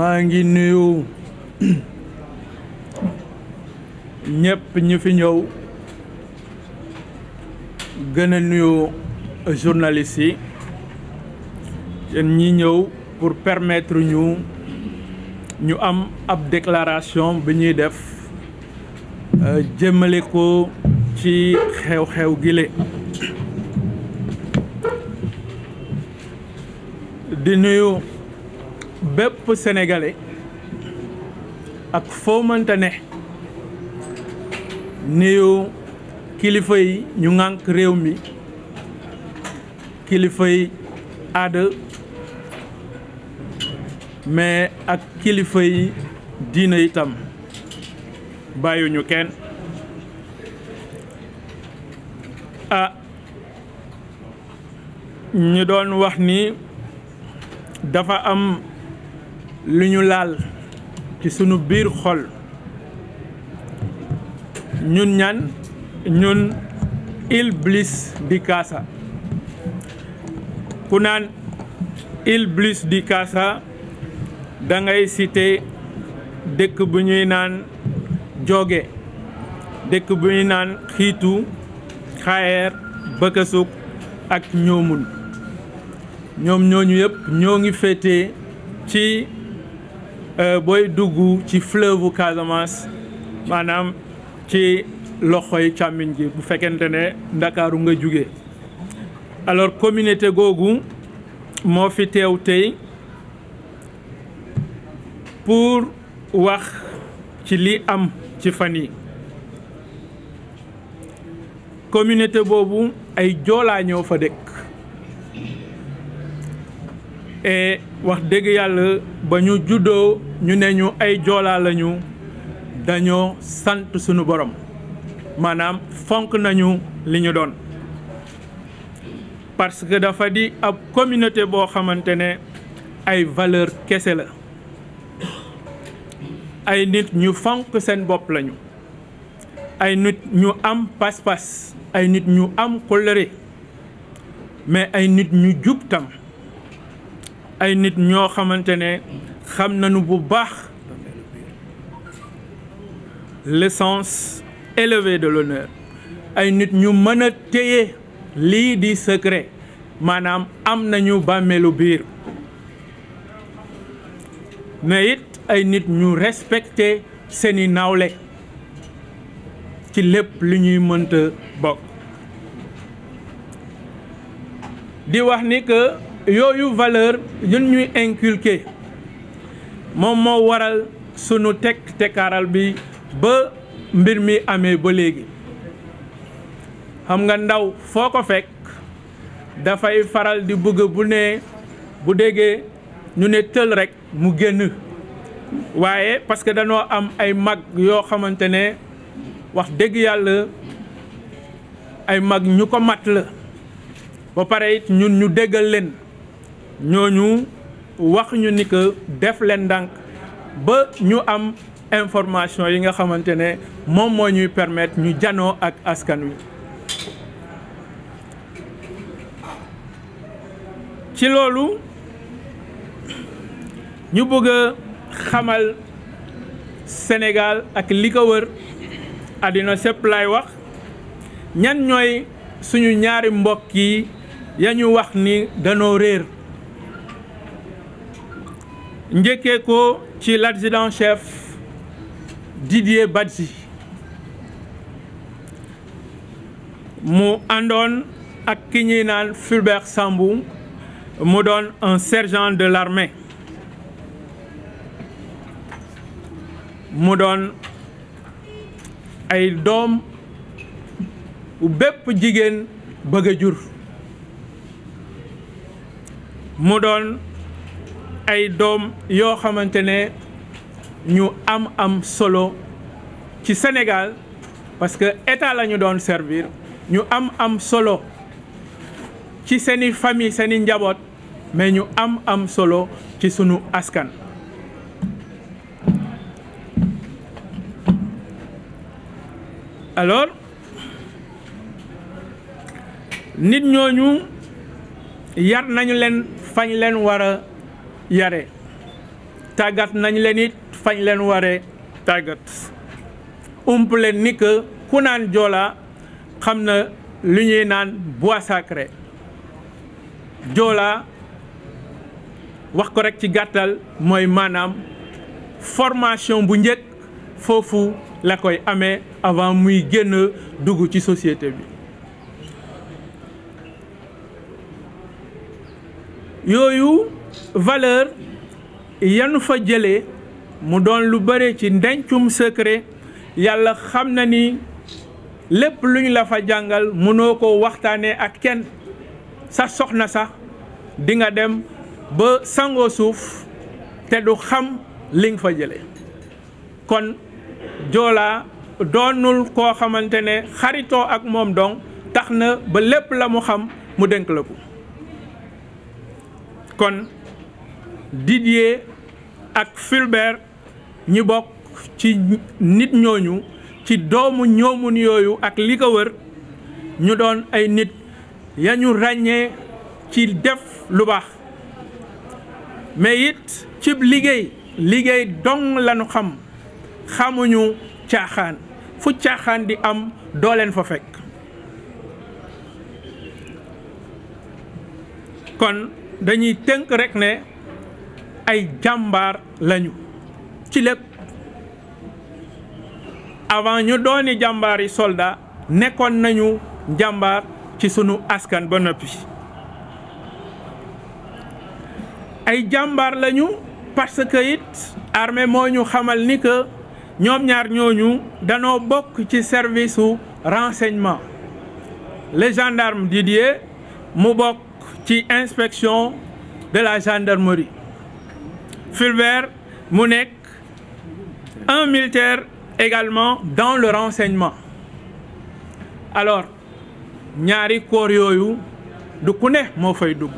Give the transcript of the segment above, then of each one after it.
maa ngi nuyu ñëpp ñu fi ñëw gën a nuyu journalistes yi ñu ñëw pour permettre ñu ñu am ab déclaration bi ñuy def euh, jëmale ko ci xew-xew gile di nuyu bépp senegale ak foo mënta ne nuyu kilifa yi ñu ŋànk réew mi kilifa yi aada mais ak kilifa yi diina itam bàyyiwuñu kenn ah ñu doon wax ni dafa am li ñu laal ci sunu biir xol ñun ñan ñun Iblis di kaasa ku naan Iblis di kaasa dangay ngay cité dëkk bu ñuy naan jooge dëkk bu ñuy naan xiitu xayeer bëkkasug ak ñoomun ñoom ñooñu yëpp ñoo ngi féete ci Euh, booy dugg ci fleuve Casamance maanaam ci loxoy càmmiñ gi bu fekkente ne ndakaaru nga jóge alors communauté googu moo fi teew tey pour wax ci li am ci fan yi communauté boobu ay joolaa fa dëkk et wax dëgg yàlla ba ñu juddoo ñu ne ñu ay joolaa lañu dañoo sant sunu borom maanaam fonk nañu li ñu doon parce que dafa di ab communauté boo xamante ne ay valeur kese la ay nit ñu fonk seen bopp lañu ay nit ñu am pas-pas ay nit ñu am kóllëre mais ay nit ñu jub tam ay nit ñoo xamante ne xam nañu bu baax l'essence élevée de l'honneur ay nit ñu mën a téye lii di secret maanaam am nañu bàmmeelu biir mais it ay nit ñu respecté seeni nawle ci lépp li ñuy mënta bokk di wax ni que yooyu valeur ñun ñuy inculquer moom moo waral sunu tekk tekkaaral bi ba mbir mi amee ba léegi xam nga ndaw foo ko fekk dafay faral di bëgg bu nee bu déggee ñu ne tël rek mu génn waaye parce que dañoo am ay mag yoo xamante ne wax dëgg yàlla ay mag ñu ko mat la ba pare it ñun ñu déggal leen ñooñu wax ñu ni que def leen ndànk ba ñu am information yi nga xamante ne moom moo ñuy permettre ñu janoo ak askan wi. ci loolu ñu bëgg a xamal Sénégal ak li ko wër àddina sépp laay wax ñan ñooy suñu ñaari mbokk yi ñu wax ni danoo réer. njëkkee ko ci l'adjudant chef Didier batsi mu àndoon ak ki ñuy naan Fulbert Sambou mu doon un sergent de l'armée mu doon ay doom bépp jigéen bëgg a jur mu doon ay doom yoo xamante ne ñu am am solo ci senegal parce que état la doon servir ñu am am solo ci seeni famille seeni njaboot mais ñu am am solo ci sunu askan alors nit ñooñu yar nañu leen fañ leen war a yare tàggat nañ leen it fañ leen waree tàggat ump leen ni que ku naan joola xam na li ñuy naan bois sacré joola wax ko rek ci gàttal mooy maanaam formation bu njëkk foofu la koy amee avant muy génn dugg ci société bi yooyu valeur yanu fa jëlee mu doon lu bare ci ndencum secret yàlla xam na ni lépp luñ la fa jàngal mënoo ko waxtaanee ak kenn sa soxna sa dinga dem ba sangoo suuf te du xam li fa jëlee kon joolaa doonul koo xamante ne xaritoo ak moom dong tax na ba lépp la mu xam mu dénk la ko kon Didier ak Fulbert ñi bokk ci nit ñooñu ci doomu ñoomun yooyu ak li ko wër ñu doon ay nit ya ñu ràññee ci def lu baax mais it cib liggéey liggéey dong lañu xam xamuñu caaxaan fu caaxaan di am doo leen fa fekk kon dañuy tënk rekk ne ay jàmbaar lañu ci lépp avant ñu dooni jàmbaar yi soldat nekkoon nañu jàmbaar ci sunu askan ba noppi ay jàmbaar lañu parce que it armée moo ñu xamal ni que ñoom ñaar ñooñu danoo bokk ci service su renseignement les gendarmes Didier mu bokk ci inspection de la gendarmerie Fulbert mu nekk un militaire également dans le renseignement alors ñaari corps yooyu du ku ne moo fay dugg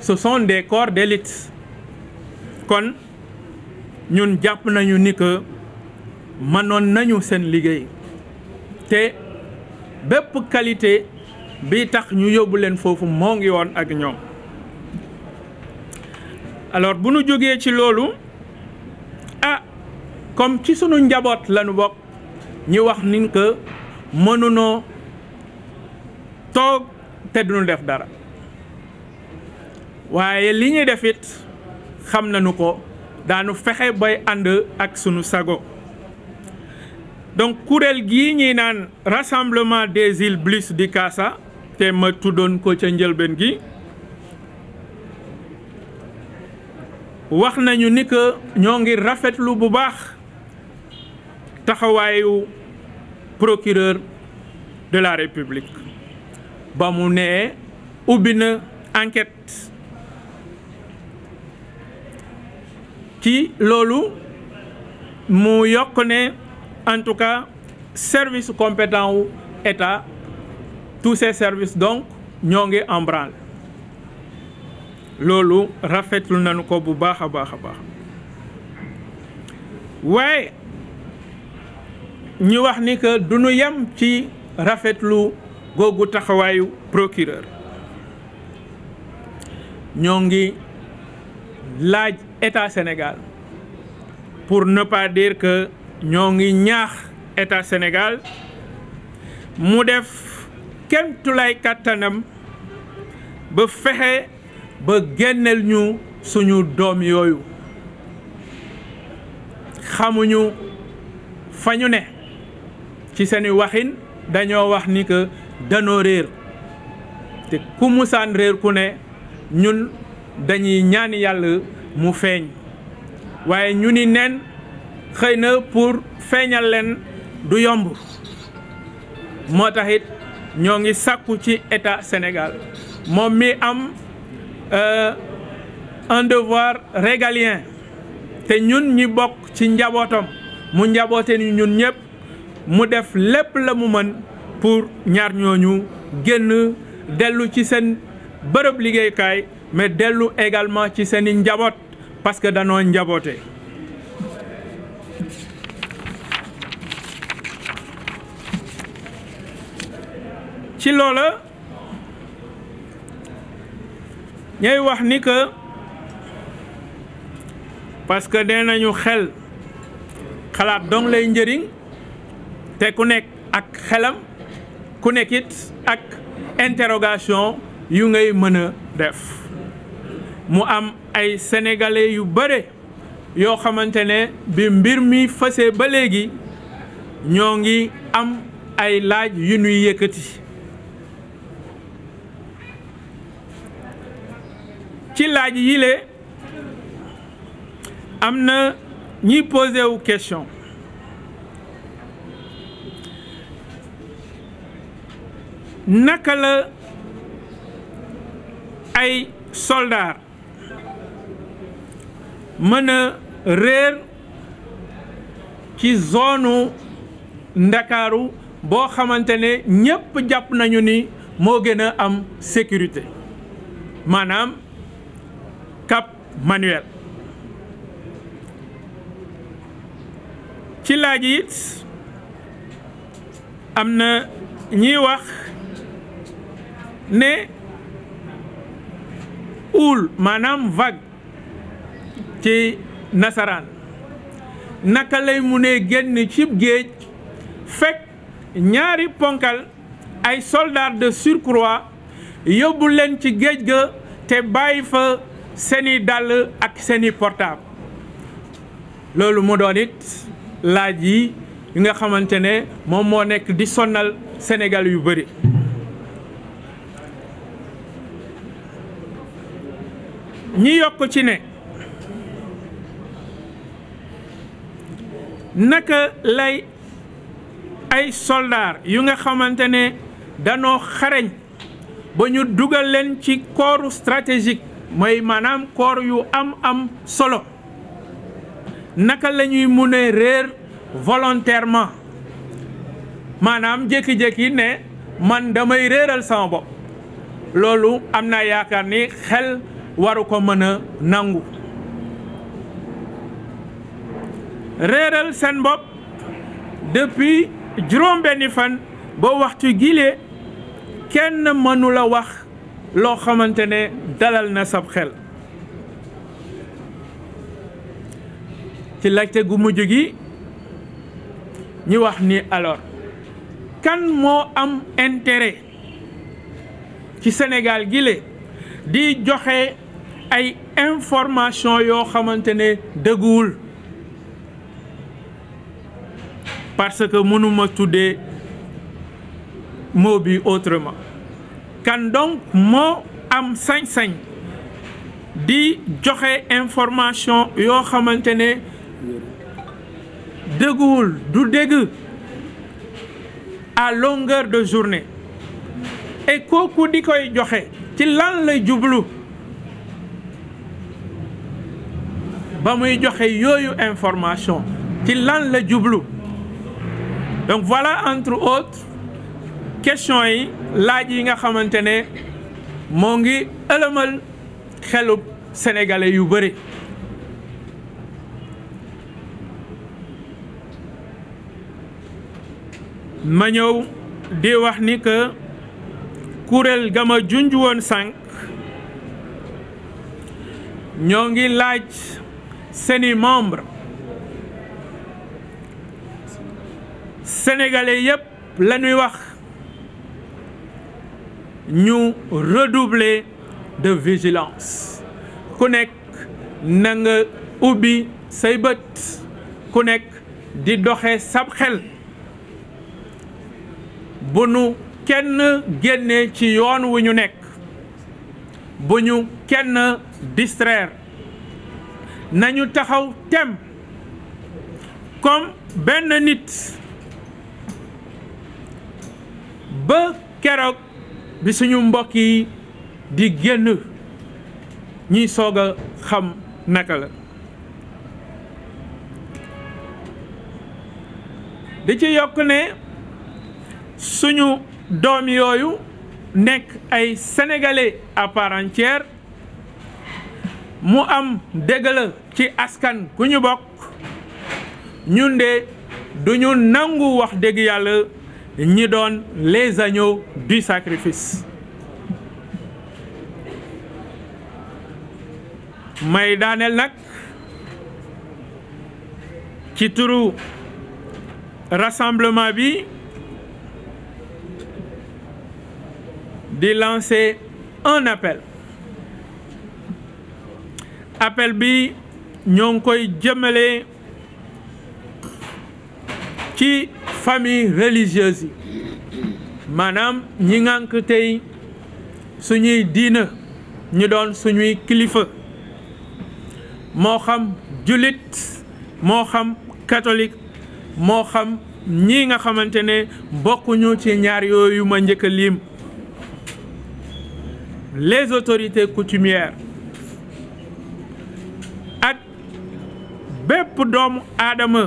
ce sont des corps d'élite kon ñun jàpp nañu ni que mënoon nañu seen liggéey te bépp qualité bi tax ñu yóbbu leen foofu moo ngi woon ak ñoom alors bu nu jógee ci loolu a ah, comme ci sunu njaboot lanu bokk ñu wax ni ko mënunoo toog te duñu def dara waaye li ñuy def it xam nañu ko daanu fexe bay ànd ak sunu sago donc kuréel gii ñuy naan rassemblement des îles Bliss di Kasa te ma tuddoon ko ca njëlbéen gi wax nañu ni que ñoo ngi rafetlu bu baax taxawaayu procureur de la république ba mu nee ubbi na enquête ci loolu mu yokk ne en tout cas service compétent wu état tous ces services donc ñoo ngi en loolu rafetlu nanu ko bu baax a baax a baax waaye ñu wax ni que du ñu yem ci rafetlu googu taxawaayu procureur ñoo ngi laaj état Sénégal pour ne pas ñoo ngi ñaax état senegal mu def kémtulaay kàttanam ba fexe ba génneel ñu suñu doom yooyu xamuñu fa ñu ne ci seeni waxin dañoo wax ni que danoo réer te ku musaan réer ku ne ñun dañuy ñaan yàlla mu feeñ waaye ñu ni nen xëy na pour feeñal leen du yombur moo taxit ñoo ngi sàkku ci état Sénégal moom mi am Euh, un devoir régalien te ñun ñi bokk ci njabootam mu njaboote ni ñun ñëpp mu def lépp la mu mën pour ñaar ñooñu génn dellu ci seen bërëb liggéeyukaay mais dellu également ci seeni njaboot parce que danoo njaboote ci loola ñay wax ni que parce que nee nañu xel xalaat doom lay njëriñ te ku nekk ak xelam ku nekk ak interrogation yu ngay mën a def mu am ay sénégalais yu bare yoo xamante ne bi mbir miy fase ba léegi ñoo ngi am ay laaj yu ñuy yëkkati ci laaj yi am na ñiy posé wu question naka la ay soldaar mën a réer ci zone Ndakaaru boo xamante ne ñépp jàpp nañu ni moo gën a am sécurité maanaam manuel ci laaj yi am na ñiy wax ne houle maanaam vague ci nasaraan naka lay mu ne génn cib géej fekk ñaari ponkal ay soldats de surcroît yóbbu leen ci géej ga te bàyyi fa seeni dàll ak seeni portable loolu mu doon it laaj yi yi nga xamante ne moom moo nekk di sonnal senegal yu bëri ñi yokk ci ne naka lay ay soldaar yu nga xamante ne danoo xareñ ba ñu dugal leen ci corps stratégique mooy maanaam koor yu am am solo naka lañuy ñuy munee réer volontairement maanaam jékki-jékki ne man damay réeral sama bopp loolu am na yaakaar ni xel waru ko mën a nangu réeral seen bopp depuis juróom-benni fan ba waxtu gilee kenn mënu la wax loo xamante ne dalal na sab xel ci laajte gu mujj gi ñu wax ni alors kan moo am intérêt ci Sénégal gi le di joxe ay information yoo xamante ne dëgguwul parce que mënuma tuddee moo bi autrement kan donc moo am sañ-sañ di joxe information yoo xamante ne dëgguwul du dëgg à longueur de journée et kooku di koy joxe ci lan lay jublu ba muy joxe yooyu information ci lan la jublu donc voilà entre autres questions yi laaj yi nga xamante ne moo ngi ëlëmal xelub sénégalais yu bëri ma ñëw di wax ni que kuréel gama junj woon sànq ñoo ngi laaj seeni membre sénégalais yépp lañuy wax ñu redoubler de vigilance ku nekk na nga ubbi say bët ku nekk di doxe sab xel bu nu kenn génnee ci yoon wu ñu nekk bu ñu kenn distraire nañu taxaw tem comme benn nit ba keroog bi suñu mbokk yi di génn ñiy sog a xam naka la di ci yokk ne suñu doom yooyu nekk ay sénégalais à mu am dégg la ci askan ku ñu bokk ñun de duñu nangu wax dëgg yàlla ñi doon les agneaux du sacrifice may daaneel nag ci turu rassemblement bi di lancer un appel appel bi ñoo ngi koy jëmale ci famille religieuse yi maanaam ñi ngànk tey suñuy diina ñu doon suñuy kilifa moo xam jullit moo xam katolik moo xam ñi nga xamante ne bokkuñu ci ñaar yooyu ma njëkk liim les autorités coutumières ak bépp doomu aadama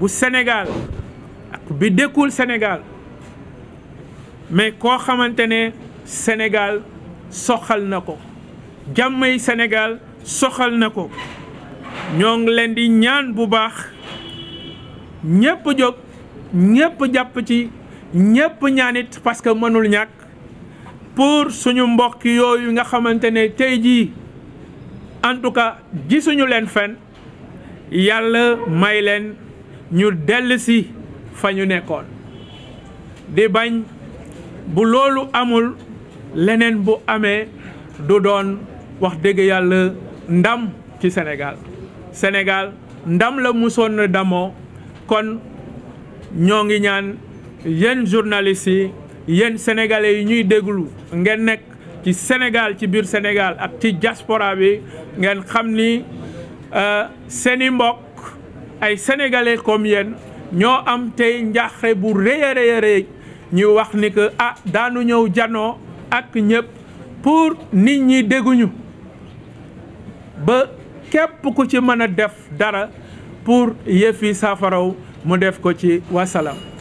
bu Sénégal ak bi dëkkul Sénégal mais koo xamante ne Sénégal soxal na ko jàmmay senegal soxal na ko ñoo ngi leen di ñaan bu baax ñépp jóg ñépp jàpp ci ñépp ñaanit parce que mënul ñàkk pour suñu mbokk yooyu nga xamante ne tey ji en tout cas gisuñu leen fen yàlla may leen ñu dell si fa ñu nekkoon di bañ bu loolu amul leneen bu amee du doon wax dëgg yàlla ndam ci senegal senegal ndam la musoon na damoo kon ñoo ngi ñaan yenn journalistes yi yenn sénégalais yi ñuy déglu ngeen nekk ci Sénégal ci biir senegal ak ci diaspora bi ngeen xam ni euh, seeni mbokk ay sénégalais comme yéen ñoo am tey njaaxle bu rëy a rëy a rëy ñu wax ni que ah daanu ñëw janoo ak ñëpp pour nit ñi dégguñu ba képp ku ci mën a def dara pour yëfi saafaraw mu def ko ci wasalaam.